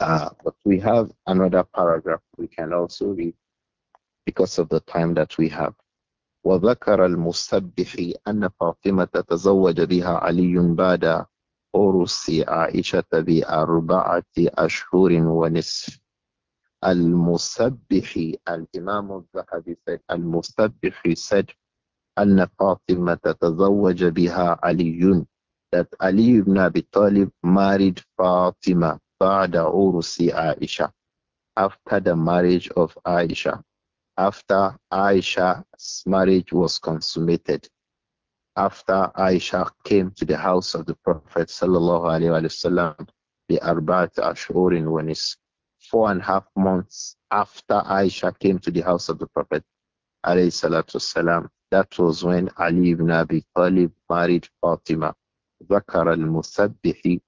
Uh, but we have another paragraph we can also read because of the time that we have. وذكر المسبح أن فاطمة تزوج بها علي بعد أرس عائشة بأربعة أشهر ونصف المسبح الإمام الذهبي said المسبح said أن فاطمة تزوج بها علي that Ali ibn Abi Talib married Fatima Ba'da urusi Aisha, after the marriage of Aisha, after Aisha's marriage was consummated, after Aisha came to the house of the Prophet sallallahu alaihi wasallam, the Arbat Ashurin when it's four and a half months after Aisha came to the house of the Prophet alayhi that was when Ali ibn Abi Talib married Fatima. ذكر المسبح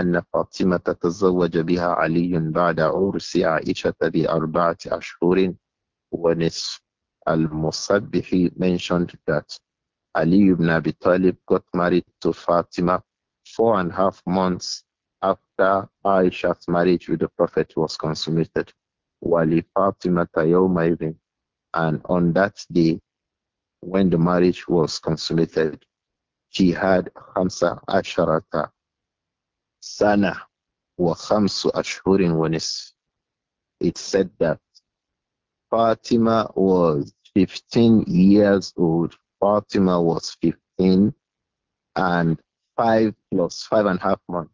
أن فاطمة تزوج بها علي بعد عرس عائشة بأربعة أشهر ونصف al mentioned that Ali ibn Abi Talib got married to Fatima four and a half months after Aisha's marriage with the Prophet was consummated. Wali Fatima Tayoma even. And on that day, when the marriage was consummated, she had Hamza Asharata Sana wa khamsu ashhurin wa nisf. It said that Fatima was 15 years old. Fatima was 15 and 5 plus 5 and a half months.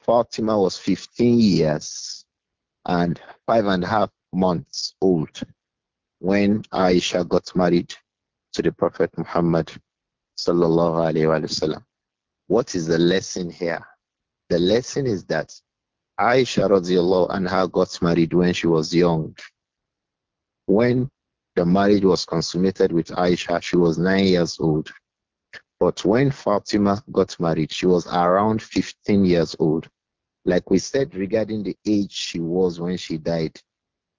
Fatima was 15 years and 5 and a half months old when Aisha got married to the Prophet Muhammad sallallahu alaihi wasallam. What is the lesson here? The lesson is that Aisha radiallahu anha got married when she was young. When the marriage was consummated with Aisha, she was nine years old. But when Fatima got married, she was around 15 years old. Like we said regarding the age she was when she died,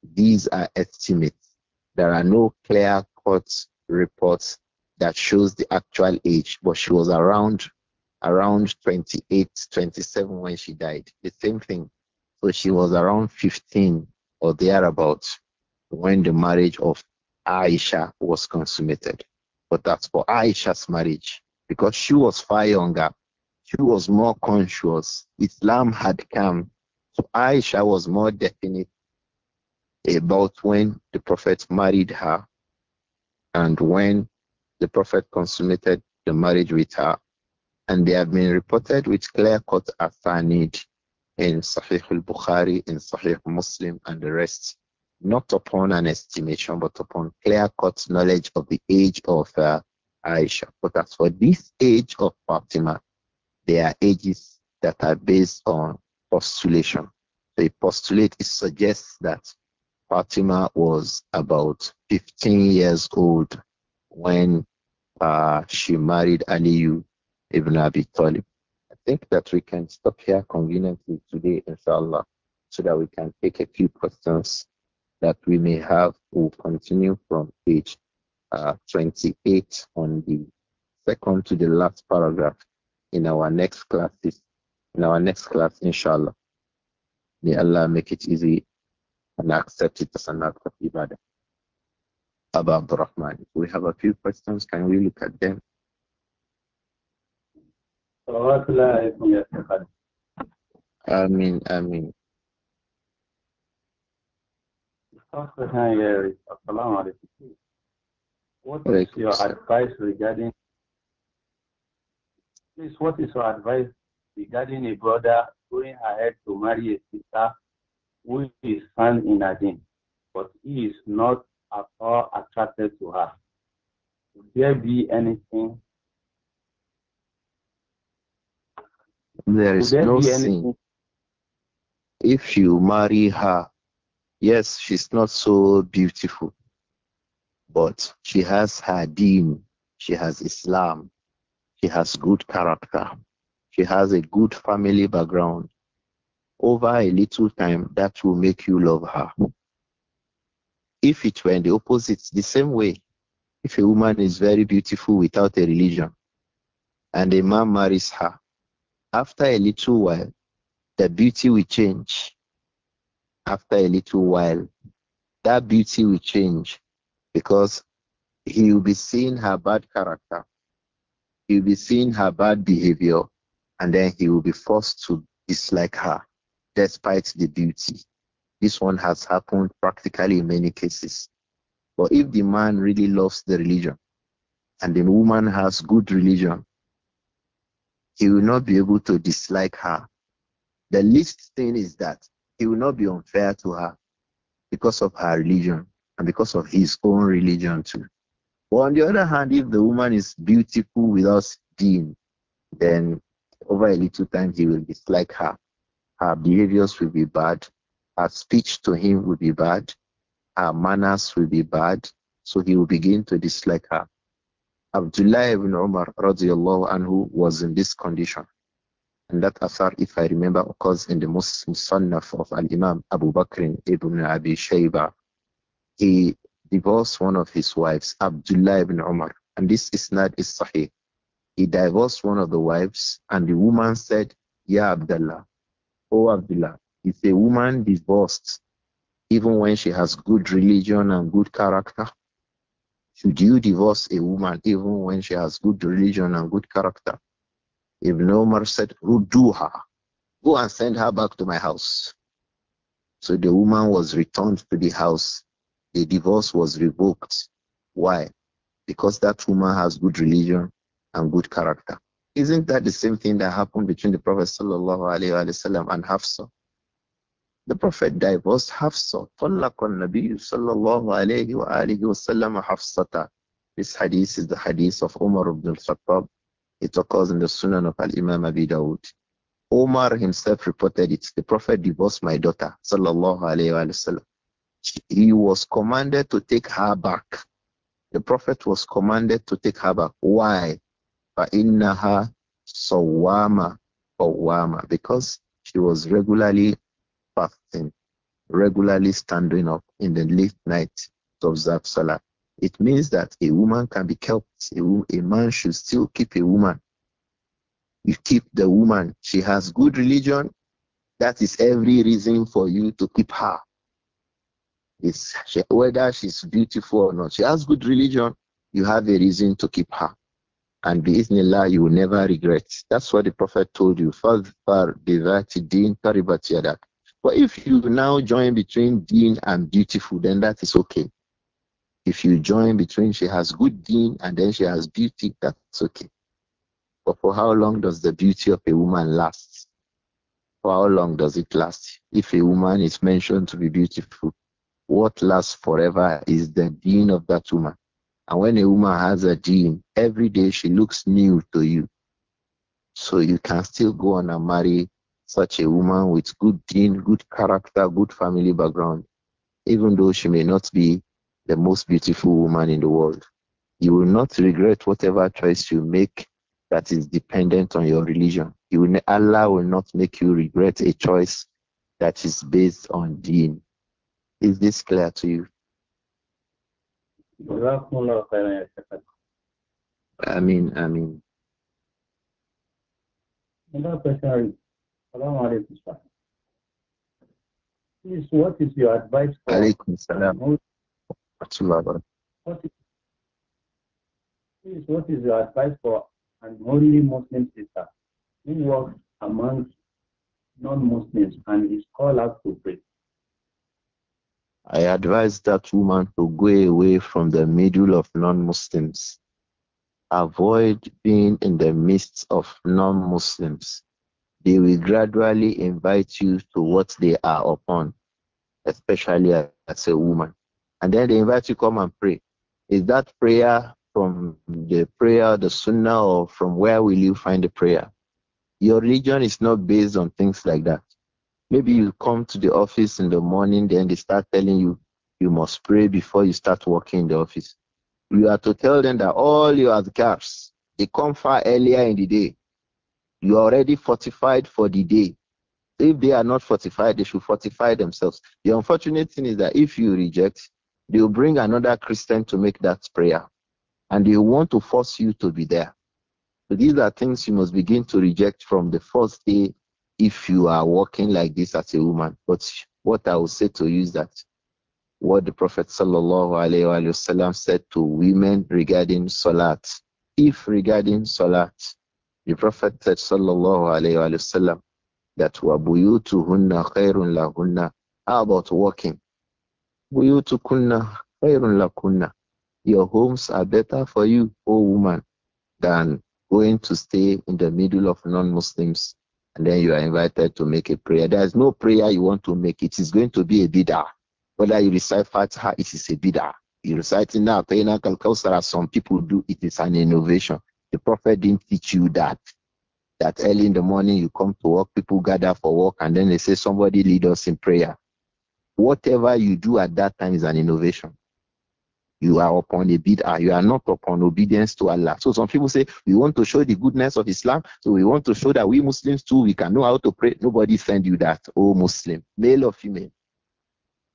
these are estimates. There are no clear cut reports that shows the actual age, but she was around around 28, 27 when she died. The same thing. So she was around 15 or thereabouts when the marriage of Aisha was consummated. But that's for Aisha's marriage because she was far younger. She was more conscious. Islam had come. So Aisha was more definite about when the Prophet married her and when the Prophet consummated the marriage with her and they have been reported with clear-cut asanid in Sahih al-Bukhari, in Sahih Muslim, and the rest, not upon an estimation, but upon clear-cut knowledge of the age of uh, Aisha. But as for this age of Fatima, there are ages that are based on postulation. The postulate suggests that Fatima was about 15 years old when uh, she married Aliyu Ibn Abi Talib. I think that we can stop here conveniently today, inshallah, so that we can take a few questions that we may have. We'll continue from page uh, 28 on the second to the last paragraph in our next classes, in our next class, inshallah. May Allah make it easy and accept it as an act of ibadah. Abba Abdurrahman, we have a few questions. Can we look at them? Amin amin. What is your advice regarding please what is your advice regarding a brother going ahead to marry a sister who is found in a din, but he is not at all attracted to her? Would there be anything There is there no sin. If you marry her, yes, she's not so beautiful, but she has her deen, she has Islam, she has good character, she has a good family background. Over a little time, that will make you love her. If it were in the opposite, the same way, if a woman is very beautiful without a religion, and a man marries her, after a little while, the beauty will change. After a little while, that beauty will change because he will be seeing her bad character. He will be seeing her bad behavior, and then he will be forced to dislike her despite the beauty. This one has happened practically in many cases. But if the man really loves the religion and the woman has good religion, he will not be able to dislike her. The least thing is that he will not be unfair to her because of her religion and because of his own religion too. But on the other hand, if the woman is beautiful without sin, then over a little time he will dislike her. Her behaviors will be bad. Her speech to him will be bad. Her manners will be bad. So he will begin to dislike her. Abdullah ibn Umar radiallahu anhu was in this condition. And that asar, if I remember, occurs in the Musannaf of Al Imam Abu Bakr ibn Abi Shayba. He divorced one of his wives, Abdullah ibn Umar, and this is not is sahih. He divorced one of the wives, and the woman said, Ya Abdullah, O oh Abdullah, if a woman divorced, even when she has good religion and good character, should you divorce a woman even when she has good religion and good character? Ibn Omar said, Ruduha, go and send her back to my house. So the woman was returned to the house. The divorce was revoked. Why? Because that woman has good religion and good character. Isn't that the same thing that happened between the Prophet sallallahu alaihi wasallam and Hafsa? The Prophet divorced Hafsa. طَلَّقَ النَّبِيُّ صَلَّى اللَّهُ عَلَيْهِ وَآلِهِ وَسَلَّمَ حَفْصَةً This hadith is the hadith of Umar ibn al-Khattab. It occurs in the Sunan of Al-Imam Abi Dawud. Umar himself reported it. The Prophet divorced my daughter, sallallahu alayhi wa sallam. He was commanded to take her back. The Prophet was commanded to take her back. Why? فَإِنَّهَا صَوَّامَ قَوَّامَ Because she was regularly fasting, regularly standing up in the late night to observe Salah. It means that a woman can be kept, a, a man should still keep a woman. You keep the woman, she has good religion, that is every reason for you to keep her. It's she, whether she's beautiful or not, she has good religion, you have a reason to keep her and be in Allah. you will never regret. That's what the Prophet told you. Fadfar bivati din karibat yadak. But if you now join between dean and beautiful, then that is okay. If you join between she has good dean and then she has beauty, that's okay. But for how long does the beauty of a woman last? For how long does it last? If a woman is mentioned to be beautiful, what lasts forever is the dean of that woman. And when a woman has a dean, every day she looks new to you. So you can still go on and marry such a woman with good deen, good character, good family background, even though she may not be the most beautiful woman in the world, you will not regret whatever choice you make that is dependent on your religion. You will, Allah will not make you regret a choice that is based on deen. Is this clear to you? I mean, I mean. Another question alaikum, sir. Please, what is your advice for alaikum salam. What is, please, what is your advice for an only Muslim sister who works amongst non-Muslims and is called out to pray? I advise that woman to go away from the middle of non Muslims. Avoid being in the midst of non Muslims they will gradually invite you to what they are upon, especially as a woman. And then they invite you come and pray. Is that prayer from the prayer, the sunnah, or from where will you find the prayer? Your religion is not based on things like that. Maybe you come to the office in the morning, then they start telling you you must pray before you start working in the office. You are to tell them that all your adhkars, they come far earlier in the day you are already fortified for the day. If they are not fortified, they should fortify themselves. The unfortunate thing is that if you reject, they'll bring another Christian to make that prayer and they want to force you to be there. So these are things you must begin to reject from the first day if you are walking like this as a woman. But what I will say to you is that what the Prophet ﷺ said to women regarding Salat, if regarding Salat, the Prophet said, Sallallahu Alaihi Wasallam, that وَبُيُوتُهُنَّ خَيْرٌ لَهُنَّ How about walking? بُيُوتُكُنَّ خَيْرٌ لَكُنَّ Your homes are better for you, O woman, than going to stay in the middle of non-Muslims and then you are invited to make a prayer. There is no prayer you want to make. It is going to be a bid'ah. Whether you recite Fatiha, it is a bid'ah. You recite Inna Kalkausara, some people do. It is an innovation. The Prophet didn't teach you that. That early in the morning you come to work, people gather for work, and then they say, Somebody lead us in prayer. Whatever you do at that time is an innovation. You are upon a bid'ah. You are not upon obedience to Allah. So some people say, We want to show the goodness of Islam. So we want to show that we Muslims too, we can know how to pray. Nobody send you that, oh Muslim, male or female.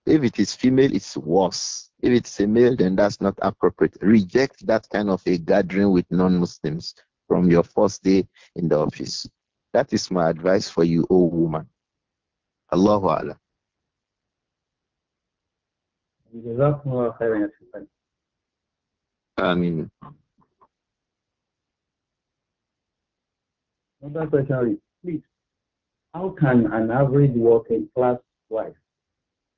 If it is female, it's worse. If it's a male, then that's not appropriate. Reject that kind of a gathering with non Muslims from your first day in the office. That is my advice for you, O woman. Allahu Allah. Ameen. Another question, please. How can an average working class wife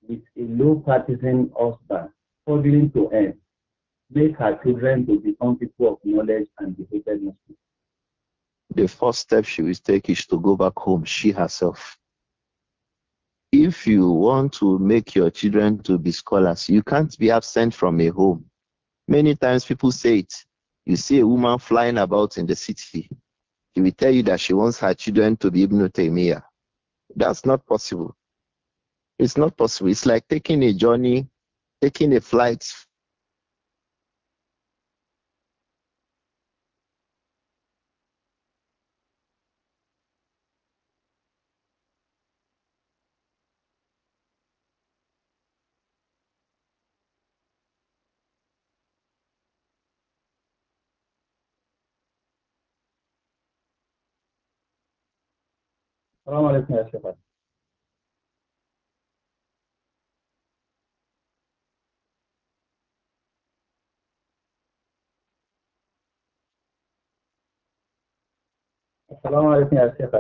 with a low partisan husband struggling to end. make her children to become people of knowledge and devoted The first step she will take is to go back home, she herself. If you want to make your children to be scholars, you can't be absent from a home. Many times people say it. You see a woman flying about in the city. She will tell you that she wants her children to be Ibn Taymiyyah. That's not possible. It's not possible. It's like taking a journey, taking a flight سلام علیکم یا شیخ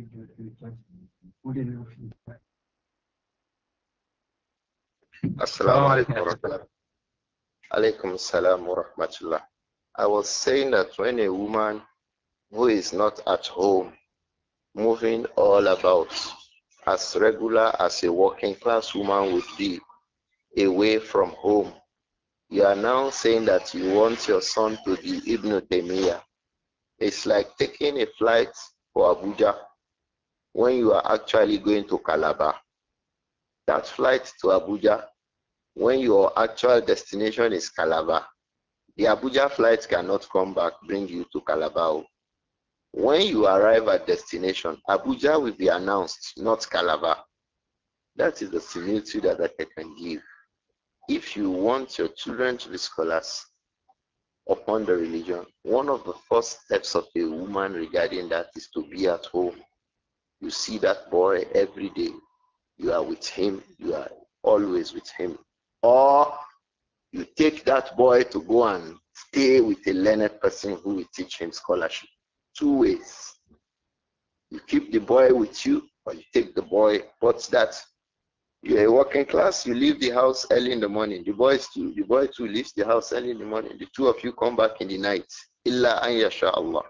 give you good feedback. Assalamu Alaikum salam wa rahmatullah. I was saying that when a woman who is not at home, moving all about, as regular as a working class woman would be, away from home, you are now saying that you want your son to be Ibn Taymiyyah. It's like taking a flight for Abuja when you are actually going to Calabar. That flight to Abuja, when your actual destination is Calabar, the Abuja flight cannot come back, bring you to Calabar. When you arrive at destination, Abuja will be announced, not Calabar. That is the similitude that I can give. If you want your children to be scholars upon the religion, one of the first steps of a woman regarding that is to be at home you see that boy every day. You are with him. You are always with him. Or you take that boy to go and stay with a learned person who will teach him scholarship. Two ways. You keep the boy with you, or you take the boy. What's that? You're a working class. You leave the house early in the morning. The boy too. The boy too leaves the house early in the morning. The two of you come back in the night. Illa an yasha Allah.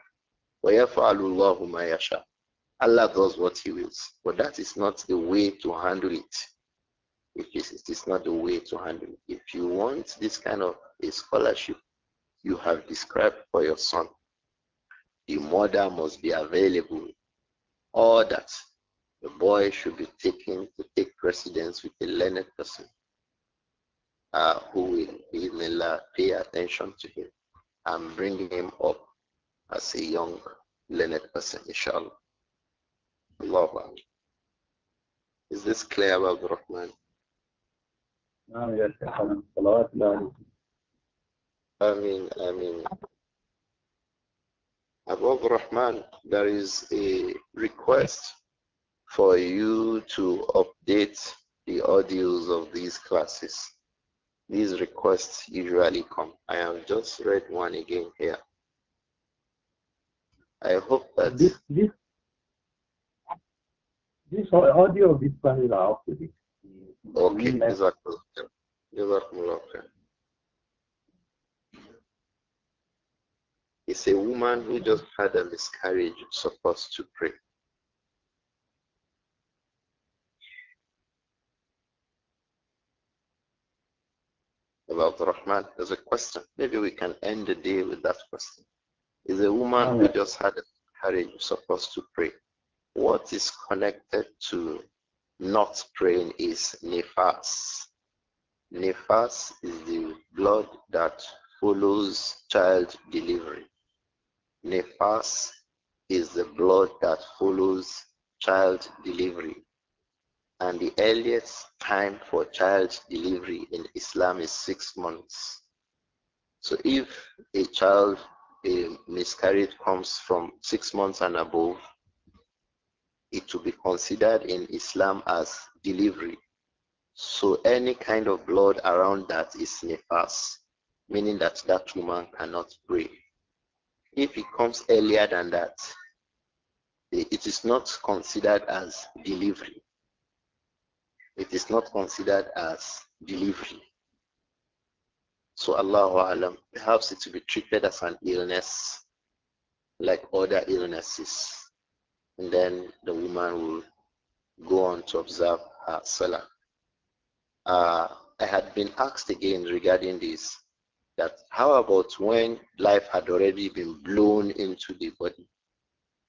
وَيَفْعَلُ اللَّهُ مَا يَشَاءُ Allah does what He wills. But that is not the way to handle it. It is, it is not the way to handle it. If you want this kind of a scholarship you have described for your son, the mother must be available. All that. The boy should be taken to take precedence with a learned person uh, who will be pay attention to him and bring him up as a young learned person, inshallah. Allahu Is this clear, ah, Abu Rahman? I mean, I mean, الله Abu Rahman, there is a request for you to update the audios of these classes. These requests usually come. I have just read one again here. I hope that this, this this audio this one is Okay, It's a woman who just had a miscarriage supposed to pray. About Rahman, there's a question. Maybe we can end the day with that question. Is a woman who just had a miscarriage supposed to pray? What is connected to not praying is nefas. Nefas is the blood that follows child delivery. Nefas is the blood that follows child delivery. And the earliest time for child delivery in Islam is six months. So if a child, a miscarriage comes from six months and above, it to be considered in Islam as delivery. So any kind of blood around that is nefas, meaning that that woman cannot pray. If it comes earlier than that, eh, it is not considered as delivery. It is not considered as delivery. So Allah Alam, perhaps it will be treated as an illness like other illnesses. And then the woman will go on to observe her seller. Uh, I had been asked again regarding this that how about when life had already been blown into the body?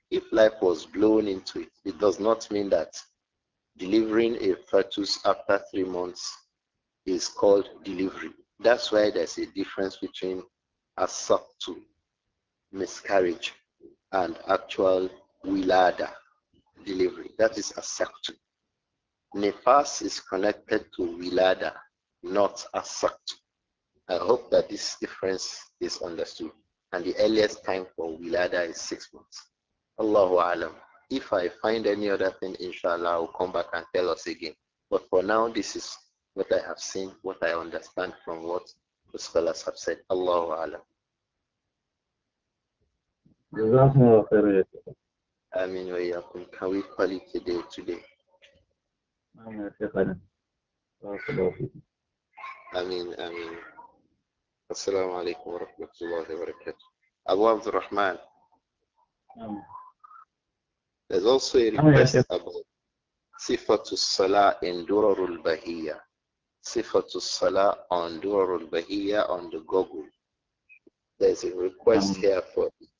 If life was blown into it, it does not mean that delivering a fetus after three months is called delivery. That's why there's a difference between a subtle miscarriage and actual wilada, delivery. That is asaktu. Nefas is connected to wilada, not Asakto. I hope that this difference is understood. And the earliest time for wilada is six months. Allahu alam. If I find any other thing, inshallah, I'll come back and tell us again. But for now, this is what I have seen, what I understand from what the scholars have said. Allahu alam. جزاكم Amin wa yakum. Can we call it today? today? Amin, amin. Assalamu alaikum wa rahmatullahi wa barakatuh. Abu Abdul Rahman. Um, There's also a oh, request um, about Sifatu Salah in Durarul Bahiyya. Sifatu Salah on Durarul Bahiyya on the Google. There's a request um, here for it.